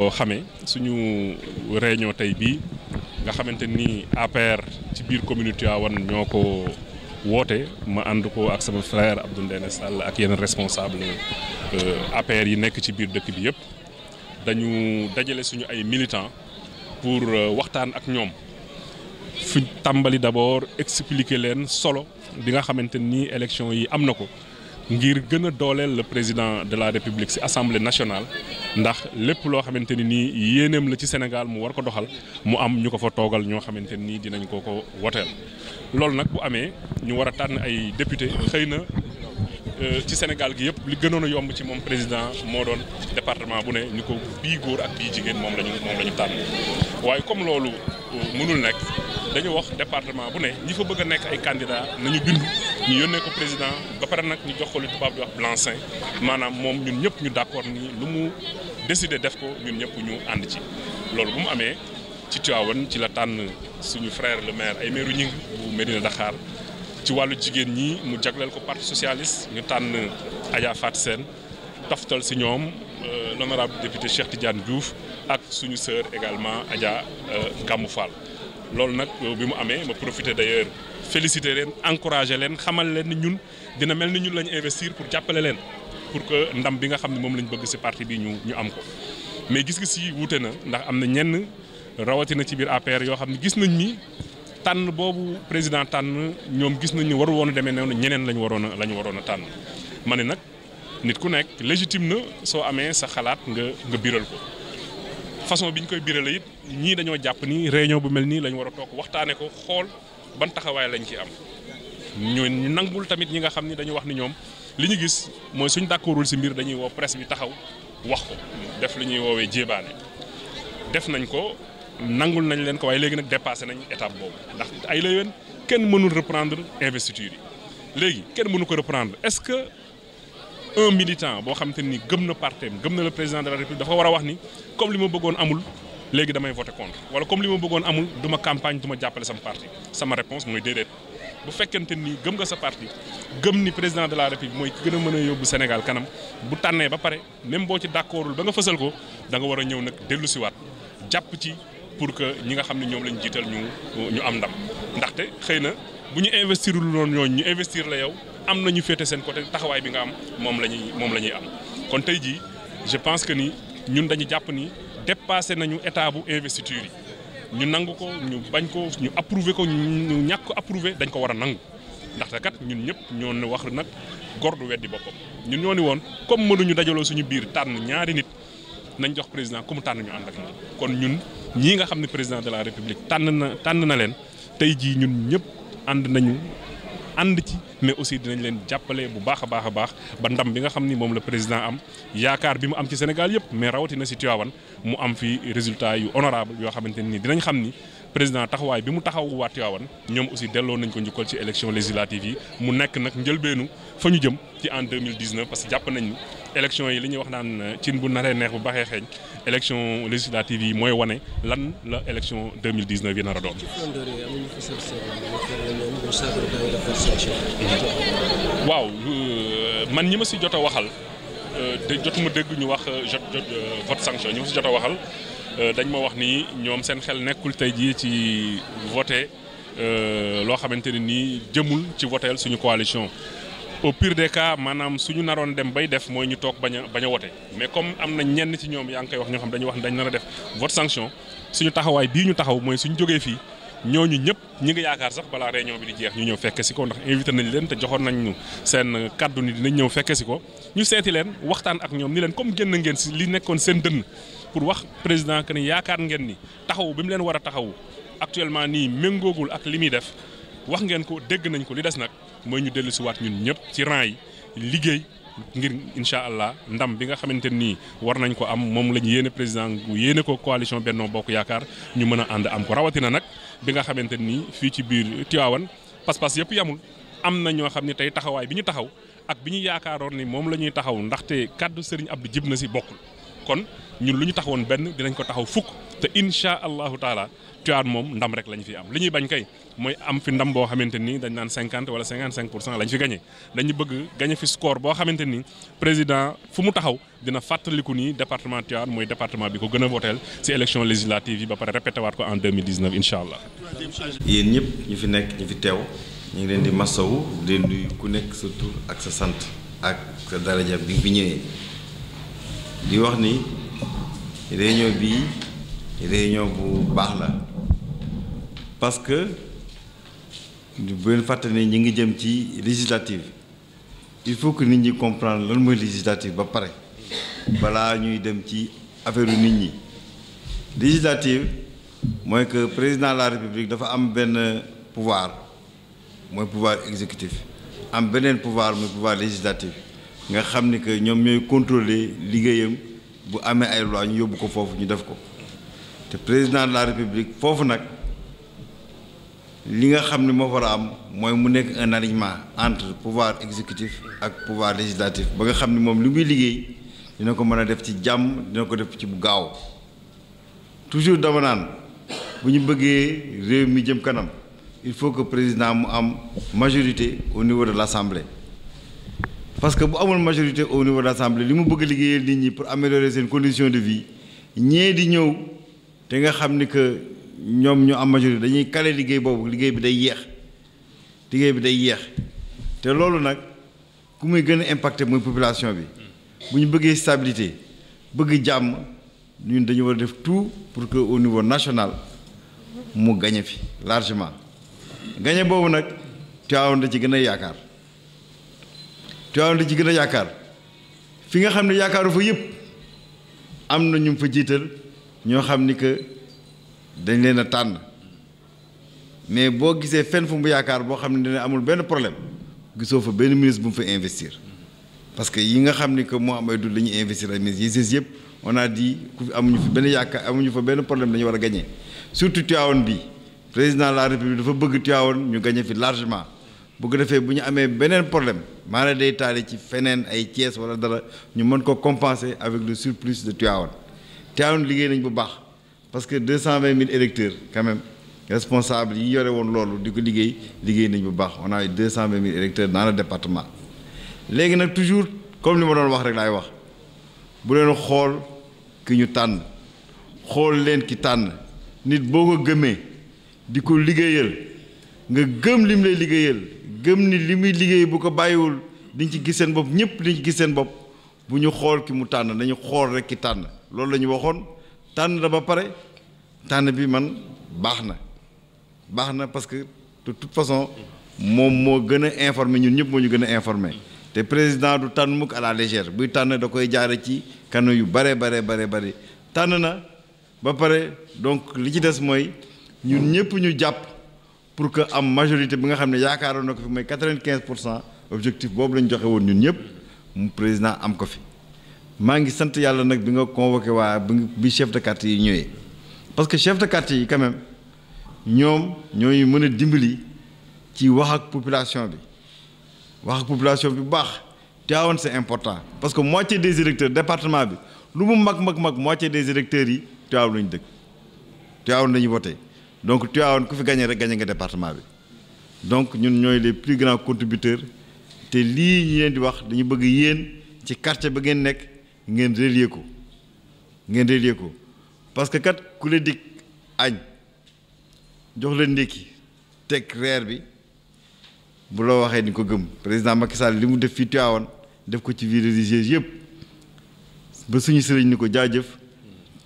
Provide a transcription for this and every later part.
boo xamee suñu réunion tey bii nga xamante ni APR ci biir commune Tivaouane ñoo ko woote ma ànd ko ak sama frère Abdou Ndéné Sall ak yeneen responsable euh, APR yi nekk ci biir dëkk bi yëpp dañu dajale suñu ay militants pour euh, waxtaan ak ñoom fi tàmbali d'abord expliquer leen solo bi nga xamante ni élection yi am na ko ngir gën a dooleel le président de la République ci Assemblée nationale ndax lépp loo xamante ni nii yéeneem la ci Sénégal mu war ko doxal mu am ñu ko fa toogal ñoo xamante ni dinañ ko ko woteel loolu nag bu amee ñu war a tànn ay député xëy na Euh, ci Sénégal gi yëpp li gënoon a yomb ci moom président moo doon département bu ne ñu ko bii góor ak bii jigéen moom lañu moom la ñu tànn waaye comme loolu euh, mënul nekk dañu wax département bu ne ñi fa bëgg a nekk ay candidat nañu bindu ñu yónnee ko président ba pare nag ñu jox ko lu tubaab di wax blanc-seing maanaam moom ñun ñëpp ñu d'accord nii lu mu décidé def ko ñun ñëpp ñu ànd ci loolu bu mu amee ci Tivaouane ci la tànn suñu frère le maire ay maire ñing bu Médina Dakhar ci wàllu jigéen ñi mu jagleel ko parti socialiste ñu tànn ajaa Fatou seen taftal si ñoom euh, l'honorable député Cheikh Tidiane Diouf ak suñu sœur également Adja euh, Gamou Fall loolu nag euh, bi mu amee ma profité d'ailleurs féliciter leen encourager leen xamal leen ni ñun dina mel ni ñun lañu investir pour jàppale leen pour que ndam bi nga xam ne moom lañ bëgg si parti bi ñu ñu am ko mais gis-gis si wuute na ndax am na ñenn rawatina ci biir APR yoo xam ne gis nañ ni. tànn boobu président tànn ñoom gis nañ ne waru woon a noonu ñeneen lañ waroon a lañ waroon a tànn ma ne nag nit ku nekk légitime na soo amee sa xalaat nga nga biral ko façon bi ñu koy birale it ñii dañoo jàpp ni réunion bu mel nii lañ war a toog waxtaanee ko xool ban taxawaay lañ ci am ñu nangul tamit ñi nga xam ni dañu wax ni ñoom li ñu gis mooy suñ d'accordul si mbir dañuy woo presse bi taxaw wax ko def li ñuy woowee jébaane def nañ ko. nangul nañ leen ko waaye léegi nag dépasé nañ état boobu ndax ay la yoon kenn mënul reprendre investiture yi léegi kenn mënu ko reprendre est-ce que un militant boo xam ni gëm na partem gëm na la président de la république dafa war a wax ni comme li ma bëggoon amul léegi damay voté contre wala comme li ma bëggoon amul duma ma campagne du jàppale sama parti sama réponse mooy déedéet bu fekkente ni gëm nga sa parti gëm ni président de la république mooy ki gën a mën a yóbbu Sénégal kanam bu tànnee ba pare même boo ci d'accordul ba nga fësal ko da war a ñëw nag dellusiwaat jàpp ci pour que ñi nga xam ne ñoom lañu jiital ñu ñu am ndam ndaxte xëy na bu ñu investir lu doon ñooñ ñu investir la yow am na ñu féete seen côté taxawaay bi nga am moom la ñuy moom la ñuy am kon tey jii je pense que ni ñun dañu jàpp ni dépassé nañu état bu investiture yi ñu nangu ko ñu bañ ko ñu approuvé ko ñu ñàkk ko dañ ko war a nangu ndaxte kat ñun ñëpp ñoo ne wax nag góor du weddi boppam ñu ñoo ni woon comme mënuñu dajaloo suñu biir tànn ñaari nit nañ jox président ku mu tànn ñu ànd ñii nga xam ne président de la république tànn na tànn na leen tey jii ñun ñëpp ànd nañu ànd ci. mais aussi dinañ leen jàppale bu baax a baax a baax ba ndam bi nga xam ni moom la président am yaakaar bi mu am ci Sénégal yëpp mais rawatina si Tivaouane mu am fi résultat yu honorable yoo xamante ni dinañ xam ni président taxawaay bi mu taxaw waa Tivaouane ñoom aussi delloo nañ ko njukkal ci élection législative yi mu nekk nag njëlbeenu fa ñu jëm ci en 2019 parce que jàpp nañ élection yi li ñuy wax naan cin bu naree neex bu baxee xeeñ élection législative yi mooy wane lan la élection 2019 yi nar a doon waaw euh, man ñi ma si jot a waxal euh, de jotuma dégg ñu wax euh, jot jot vote sanction ñi ma jot a waxal dañ ma wax nii ñoom seen xel nekkul tey jii ci voté loo xamante ni nii jëmul ci voteel suñu coalition. au pire de cas maanaam suñu naroon dem bay def mooy ñu toog bañ bañ a wote mais comme am na ñenn ci ñoom yaa ngi koy wax ñoo xam dañuy wax dañ nar a def vote sanction suñu taxawaay bii ñu taxaw mooy suñu jógee fii. ñooñu ñëpp ñi ngi yaakaar sax balaa réunion bi di jeex ñu ñëw fekke si ko ndax invité nañ leen te joxoon nañ seen kàddu ni dinañ ñëw fekke si ko ñu seeti leen waxtaan ak ñoom ni leen comme génn ngeen si li nekkoon seen dënn pour wax président que ni yaakaar ngeen ni taxawu bi mu leen war a taxawu actuellement nii méngoogul ak li muy def wax ngeen ko dégg nañ ko li des nag mooy ñu dellu si waat ñun ñëpp ci rang yi liggéey ngir incha allah ndam bi nga xamante nii war nañ ko am moom la ñu yéene président yéene ko coalition Benno Bokk Yaakaar ñu mën a ànd am ko rawatina nag bi nga xamante ni fii ci biir Tivaouane pas-pas yëpp yamul am na ñoo xam ne tey taxawaay bi ñu taxaw ak bi ñu yaakaaroon ni moom la ñuy taxaw ndaxte kàddu Serigne Abdou jib na si bokkul kon ñun lu ñu taxawoon benn dinañ ko taxaw fukk te incha allahu taala Tivaouane moom ndam rek lañ fi am li ñuy bañ kay mooy am fi ndam boo xamante ni dañ naan cinquante wala cinquante cinq pour cent lañ fi gagné dañu bëgg gagné fi score boo xamante ni président fu mu taxaw dina fàttaliku nii département Tivaouane mooy département bi ko gën a wooteel si élection législative yi ba pare répété waat ko en 2019 incha allah. yéen ñëpp ñu fi nekk ñu fi teew ñu ngi leen di masawu di nuyu ku nekk sa ak sa sant ak sa daraja bi bi ñëwee. di wax ni réunion bii réunion bu baax la parce que bu leen fàtte ni ñu ngi jëm ci législative il faut que nit ñi comprendre lan mooy législative ba pare balaa ñuy dem ci affaire nit ñi législative mooy que président la république dafa am benn pouvoir mooy pouvoir exécutif am beneen pouvoir mooy pouvoir législatif nga xam ni que ñoom ñooy contrôler liggéeyam bu amee ay yóbbu ko foofu ñu def ko te président de la république foofu nag li nga xam ni moo war a am mooy mu nekk un alignement entre pouvoir exécutif ak pouvoir législatif ba nga xam ni moom li muy liggéey dina ko mën a def ci jàmm dina ko def ci bu gaaw toujours dama naan bu ñu bëggee réew mi jëm kanam il faut que président mu am majorité au niveau de l'Assemblée parce que bu amul majorité au niveau de l'assemblée li mu bëgg liggéeyal nit ñi pour améliorer seen condition de vie ñee di ñëw te nga xam ni que ñoom ñu am majorité dañuy kale liggéey boobu liggéey bi day yeex liggéey bi day yeex te loolu nag ku muy gën a impacté mooy population bi bu ñu bëggee stabilité bëgg jàmm ñu dañu war def tout pour que au niveau national mu gañe fi largement gañe boobu nag Tivaouane da ci gën a yaakaar Tiwaawan li ci gën a yaakaar fi nga xam ne yaakaaru fa yëpp am na ñu fa jiital ñoo xam ni que dañ leen a tànn mais boo gisee fenn fu mu yaakaar boo xam ne dina amul benn problème gisoo fa benn ministre bu mu fa investir parce que yi nga xam ni que moo am ay dul la ñuy investir ay ministres yi siis yëpp on a dit ku fi amuñu fi benn yaakaar amuñu fa benn problème dañu war a gañe surtout Tiwaawan bi président la république dafa bëgg Tiwaawan ñu gagné fi largement bu ko defee bu ñu amee beneen problème maanaam day taale ci feneen ay Thiès wala dara ñu mën ko compenser avec le surplus de Tivaouane Tivaouane liggéey nañ bu baax parce que deux cent vingt mille électeurs quand même responsable yi yore woon loolu di ko liggéey liggéey nañ bu baax on a deux cent vingt mille électeurs dans le département léegi nag toujours comme li ma doon wax rek laay wax bu leen xool ki ñu tànn xool leen ki tànn nit boo ko gëmee di ko liggéeyal nga gëm lim lay liggéeyal gëm ni li muy liggéey bu ko bàyyiwul diñ ci gis seen bopp ñëpp diñ ci gis seen bopp bu ñu xool ki mu tànn dañu xool rek ki tànn loolu la ñu waxoon tànn da ba pare tànn bi man baax na baax na parce que de toute façon moom moo gën a informé ñun ñëpp moo ñu gën a informé te président du tànn mukk à la légère buy tànn da koy jaare ci kanu yu bare bare bare bare tànn na ba pare donc li ci des mooy ñun ñëpp ñu jàpp pour que am majorité bi nga xam ne yaakaaroon na ko fi mooy quatre-vingt-quinze pour cent objectif boobu lañ joxe woon ñun ñëpp mu président am ko fi maa ngi sant yàlla nag bi nga convoqué waa bi chef de quartier yi ñëwee parce que chef de quartier yi quand ñoom ñooñu mën a dimbali ci wax ak population bi wax ak population bi bu baax Tivaouane c'est important parce que moitié des directeurs département bi lu mu mag mag mag moitié des directeurs yi Tivaouane lañu dëkk Tivaouane lañu wootee donc Tivaouane ku fi gagné rek gagné nga département bi donc ñun ñooy les plus grands contributeurs te lii ñu leen di wax dañu bëgg yéen ci quartier ba ngeen nekk ngeen relier ko ngeen relier ko parce que kat ku la dig añ jox la ndékki teg reer bi bu loo waxee di ko gëm président Macky Sall li mu def fii Tivaouane def ko ci vie religieuse yëpp ba suñu sëriñ ni ko jaajëf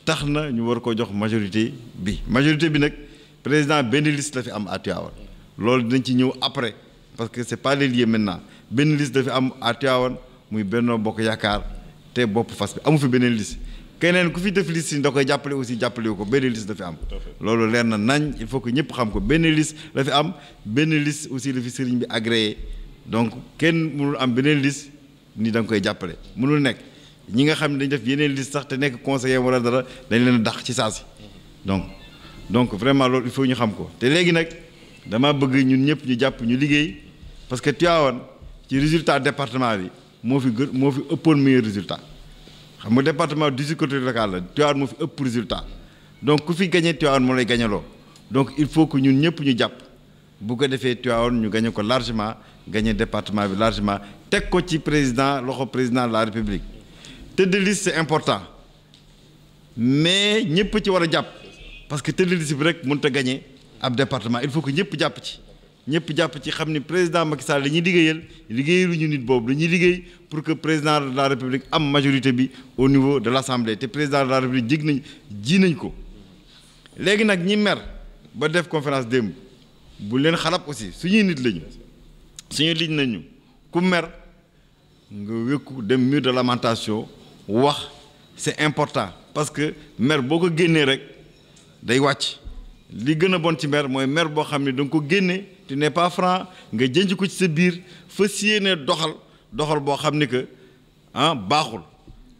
tax na ñu war koo jox majorité bi majorité bi nag. président benn liste dafi am à loolu dinañ ci ñëw après parce que c'est pas les lieux maintenant benn liste dafi am à Tivaouane muy Benno Bokk Yaakaar te bopp fas bi amu fi beneen liste keneen ku fi def liste yi da koy jàppale aussi jàppale ko benn liste dafi am loolu leer na nañ il faut que ñëpp xam ko benn liste dafi am benn liste aussi la fi sëriñ bi agréé donc kenn mënul am beneen liste nii da koy jàppale mënul nekk ñi nga xam ne dañ def yeneen liste sax te nekk conseiller wala dara dañ leen a ci saa si donc vraiment loolu il faut ñu xam ko te léegi nag dama bëgg ñun ñëpp ñu jàpp ñu liggéey parce que Tivaouane ci résultat département bi moo fi gën moo fi ëppoon meilleur résultat xam nga département dix-huit collectivités locales la Tivaouane moo fi ëpp résultat donc ku fi gagné Tivaouane moo lay gañaloo donc il faut que ñun ñëpp ñu jàpp bu ko defee Tivaouane ñu gañe ko largement gagné département bi largement teg ko ci président loxo président la république te de liste c'est important mais ñëpp ci war a jàpp. parce que tëddee bi rek mënut a gagné ab département il faut que ñëpp jàpp ci ñëpp jàpp ci xam ni président Macky Sall liggéey liggéeyal liggéeyaluñu nit boobu dañuy liggéey pour que président de la république am majorité bi au niveau de l' assemblée te président de la république jig nañ nañ ko. léegi nag ñi mer ba def conférence démb bu leen xalab aussi suñuy nit lañu suñuy liñ nañu ku mer nga wékku dem mur de lamentation wax c' est important parce que mer boo ko génnee rek. day wàcc li gën a bon ci mer mooy mer boo xam ne da nga ko génne tu n'es pas franc nga jënj ko ci sa biir fas yéene doxal doxal boo xam ni que ah baaxul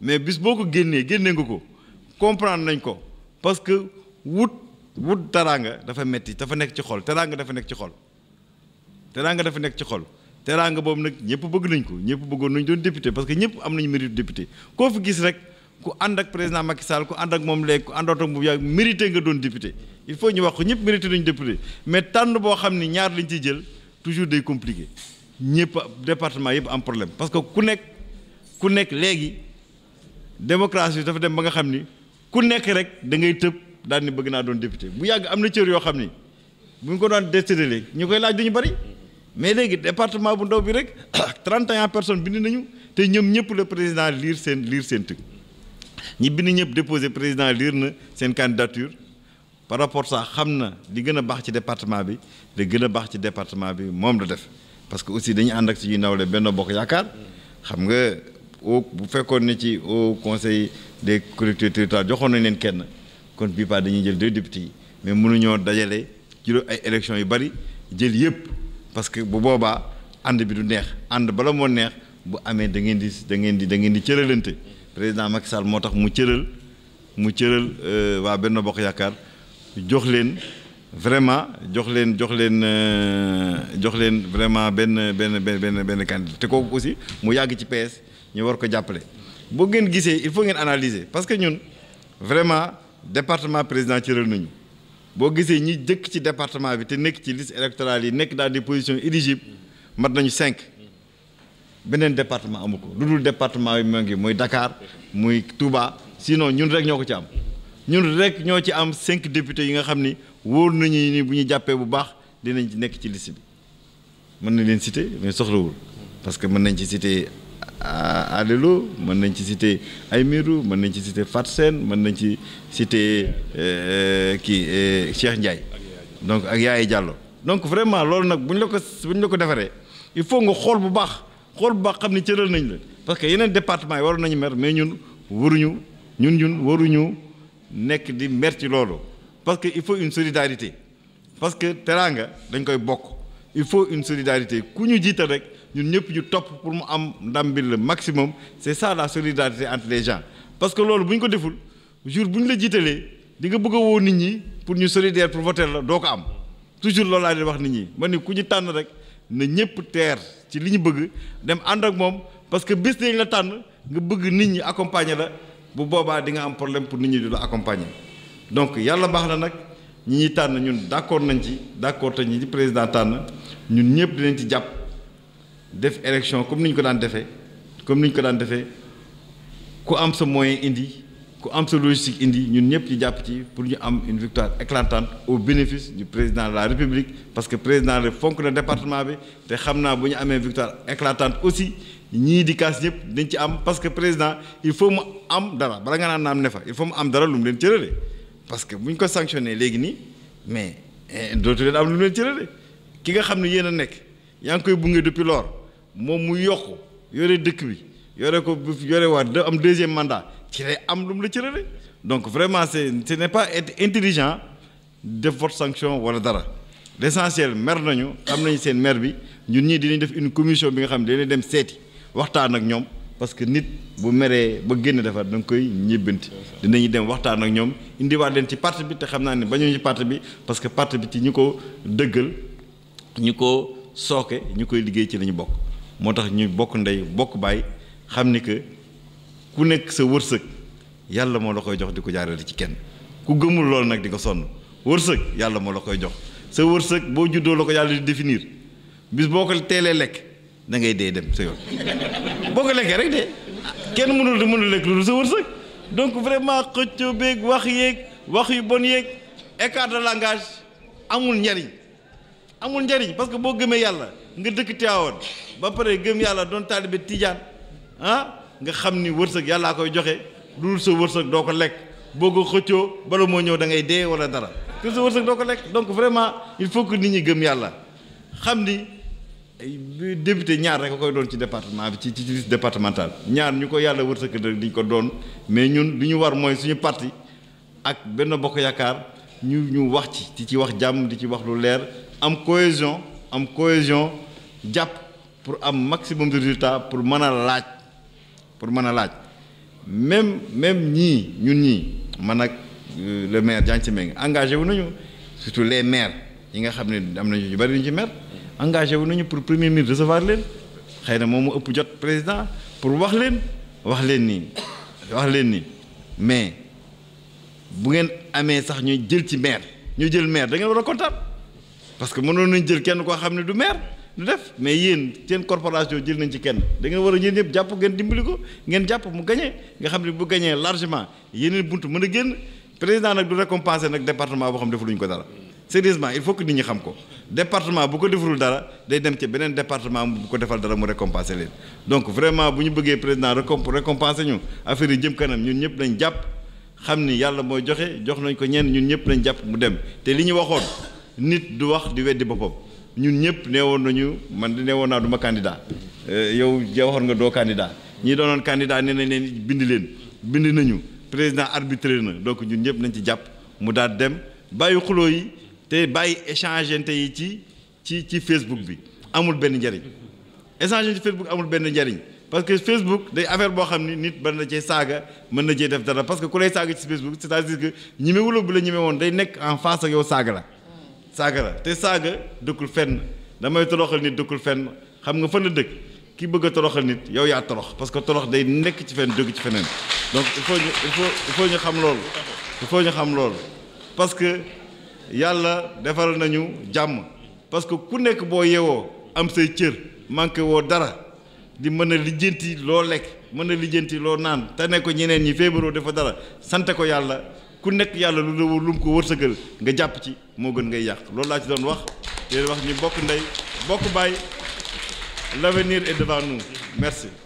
mais bis boo ko génnee génne nga ko comprendre nañ ko parce que wut wut teraanga dafa metti dafa nekk ci xol teraanga dafa nekk ci xol teraanga dafa nekk ci xol teraanga boobu nag ñëpp bëgg nañ ko ñëpp bëggoon nañ doon député parce que ñëpp am nañu mérite député koo fi gis rek. ku ànd ak président Macky Sall ku ànd ak moom léegi ku àndoot ak moom yaa mérité nga doon député il faut ñu wax ko ñëpp mérité duñu député mais tànn boo xam ni ñaar lañ ciy jël toujours day compliqué ñëpp département yëpp am problème parce que ku nekk ku nekk léegi démocratie dafa dem ba nga xam ni ku nekk rek da ngay tëb daal ni bëgg naa doon député bu yàgg am na cër yoo xam ni bu ñu ko daan décidé ñu koy laaj duñu bari mais léegi département bu ndaw bi rek 31 personnes bind nañu te ñoom ñëpp le président liir seen liir seen ñibbi bind ñëpp déposé président liir na seen candidature par rapport sax xam na li gën a baax ci département bi li gën a baax ci département bi moom la def parce que aussi dañu ànd ak suñuy nawle Benno Bokk Yaakaar xam nga bu fekkoon ne ci au conseil des collectivités territoriales joxoon nañ leen kenn kon bii pas jël de députés yi mais mënuñoo dajale juróom ay élections yu bari jël yëpp parce que bu boobaa ànd bi du neex ànd bala moo neex bu amee da ngeen di da ngeen di da ngeen di cëralante président Macky Sall moo tax mu cëral mu cëral euh, waa benn Bokk Yaakaar jox leen vraiment jox leen jox leen euh, jox leen vraiment benn benn benn benn candidat te kooku aussi mu yàgg ci pees ñu war ko jàppale. boo ngeen gisee il faut ngeen analyser parce que ñun vraiment département président cëral nañu boo gisee ñi jëkk ci département bi te nekk ci liste électorale yi nekk daal des position éligibles mat nañu cinq. beneen département amu ko lu dul département yi ma ngi muy dakaar muy Touba sinon ñun rek ñoo ko ci am ñun rek ñoo ci am cinq députés yi nga xam ni wóor nañu ni bu ñu jàppee bu baax dinañ ci nekk ci liste bi mën nañ leen citer mais soxlawul parce que mën nañ ci citer Alelo mën nañ ci citer Aymirou mën nañ ci citer Fat Sène mën nañ ci citer euh, kii euh, Cheikh Ndiaye donc ak Yaye Diallo donc vraiment loolu nag bu la ko bu ñu la ko defaree il faut nga xool bu baax. xool bu ba xam ne cëral nañ la parce que yeneen département yi waroon nañu mer mais ñun waruñu ñun ñun waruñu nekk di mer ci loolu parce que il faut une solidarité parce que teraanga dañ koy bokk il faut une solidarité ku ñu jiital rek ñun ñëpp ñu topp pour mu am ndam bi le maximum c'est ça la solidarité entre les gens parce que loolu bu ñu ko deful jour bu ñu la jiitalee di nga bëgg woo nit ñi pour ñu solidaire pour voter la doo ko am toujours loolu wax nit ñi ma ne ku ñu tànn rek. na ñëpp teer ci li ñu bëgg dem ànd ak moom parce que bis dañ la tànn nga bëgg nit ñi accompagner la bu boobaa dinga am problème pour nit ñi di la accompagner donc yàlla baax na nag ñi ñuy tànn ñun d'accord nañ ci d'accord te ñi di président tànn ñun ñëpp dinañ ci jàpp def élection comme ni ñu ko daan defee comme ni ñu ko daan defee ku am sa moyen indi ku am sa logistique indi ñun ñëpp ci jàpp ci pour ñu am une victoire éclatante au bénéfice du président la république parce que président de fonk na département bi te xam naa bu ñu amee victoire éclatante aussi ñii di kaas ñëpp dañ ci am parce que président il faut mu am dara bala nga naan naam ne fa il faut mu am dara lu mu leen cëralee parce que bu ñu ko sanctionné léegi nii mais eh, dootu leen am lu mu leen cëralee ki nga xam ne yéen a nekk yaa ngi koy bunge depuis lors moom mu yokk yore dëkk bi yore ko yore waat am deuxième mandat ci lay am lu mu la cërale donc vraiment c'est ne n'est pas être intelligent de votre sanction wala dara l'essentiel mer nañu xam nañ seen mer bi ñun ñii dinañ def une commission bi nga xam ne dañuy dem seeti waxtaan ak ñoom parce que nit bu meree ba génn defar da nga koy ñibbanti dinañu dem waxtaan ak ñoom indiwaat leen ci parti bi te xam naa ne bañu ci parti bi parce que parti bi ci ñu ko dëggal ñu ko sooke ñu koy liggéey ci la ñu bokk moo tax ñu bokk ndey bokk baay xam ni ku nekk sa wërsëg yàlla moo la koy jox di ko jaarale ci kenn ku gëmul loolu nag di ko sonn wërsëg yàlla moo la koy jox sa wërsëg boo juddoo la ko yàlla di définir bis boo ko teelee lekk da ngay dee dem sa yoon boo ko lekkee rek dee kenn mënul di mënul lekk loolu sa wërsëg donc vraiment xëccoo beeg wax yéeg wax yu bon yéeg écart de langage amul njariñ amul njariñ parce que boo gëmee yàlla nga dëkk Tiwaawan ba pare gëm yàlla doon taalibe tiijaan ah nga xam ni wërsëg yàllaa koy joxe lu dul sa wërsëg doo ko lekk boo ko xëccoo bala moo ñëw da ngay dee wala dara te sa wërsëg doo ko lekk donc vraiment il faut que nit ñi gëm yàlla xam ni député ñaar rek a koy doon ci département bi ci ci liste départementale ñaar ñu ko yàlla wërsëg rek diñ ko doon mais ñun li ñu war mooy suñu parti ak benn bokk yaakaar ñu ñu wax ci di ci wax jàmm di ci wax lu leer am cohésion am cohésion jàpp pour am maximum de résultat pour mën a laaj pour mën a laaj même même ñii ñun ñii man ak euh, le maire Diagne Simeng engagé wu nañu surtout les maires yi nga xam ne am nañu ñu bëri ñu ci maire engagé wu nañu pour premier ministre recevoir leen xëy na moom mu ëpp jot président pour wax leen wax leen nii wax leen nii mais bu ngeen amee sax ñuy jël ci maire ñu jël maire da war a kontaan parce que mënoon nañ jël kenn koo xam ne du maire. du def mais yéen seen corporation jël nañ ci kenn da ngeen war a yéen ñëpp jàpp ngeen dimbali ko ngeen jàpp mu gagné nga xam ne bu gagné largement yeneen bunt mën a génn président nag du récompenser nag département boo xam defaluñ ko dara sérieusement il faut que nit ñi xam ko département bu ko deful dara day dem ci beneen département bu ko defal dara mu récompenser leen donc vraiment bu ñu bëggee président récompenser ñu affaire yi jëm kanam ñun ñëpp nañ jàpp xam ni yàlla mooy joxe jox nañ ko ñenn ñun ñëpp nañ jàpp mu dem te li ñu waxoon nit du wax di weddi boppam ñun ñëpp neewoon nañu man di neewoon naa du ma candidat euh, yow jawar nga doo candidat ñii doonoon candidat nee nañ leen bind leen bind nañu président arbitré na donc ñun ñëpp nañ ci jàpp mu daal dem bàyyi xuloo yi te bàyyi échangeante yi ci ci ci Facebook bi amul benn njariñ échangeante ci Facebook amul benn njariñ parce que Facebook day affaire boo xam ni nit mën na cee saaga mën na cee def dara parce que ku lay saaga ci Facebook c'est-à-dire que ñemewuloo day nekk en face yow saaga la saaga la te saaga dëkkul fenn damay toroxal nit dëkkul fenn xam nga fan la dëkk ki bëgg a toroxal nit yow yaa torox parce que torox day nekk ci fenn dëgg ci feneen donc il faut ñu il faut ñu xam lool il faut ñu xam lool parce que yàlla defaral nañu jàmm parce que ku nekk boo yewoo am say cër manqué woo dara di mën a lijjanti loo lekk mën a lijjanti loo naan te ne ko ñeneen ñi feebaroo dafa dara sante ko yàlla ku nekk yàlla lu lu mu ko wërsëgal nga jàpp ci moo gën ngay yàq loolu laa ci doon wax te wax ni bokk ndey bokk baay l'avenir est devant nous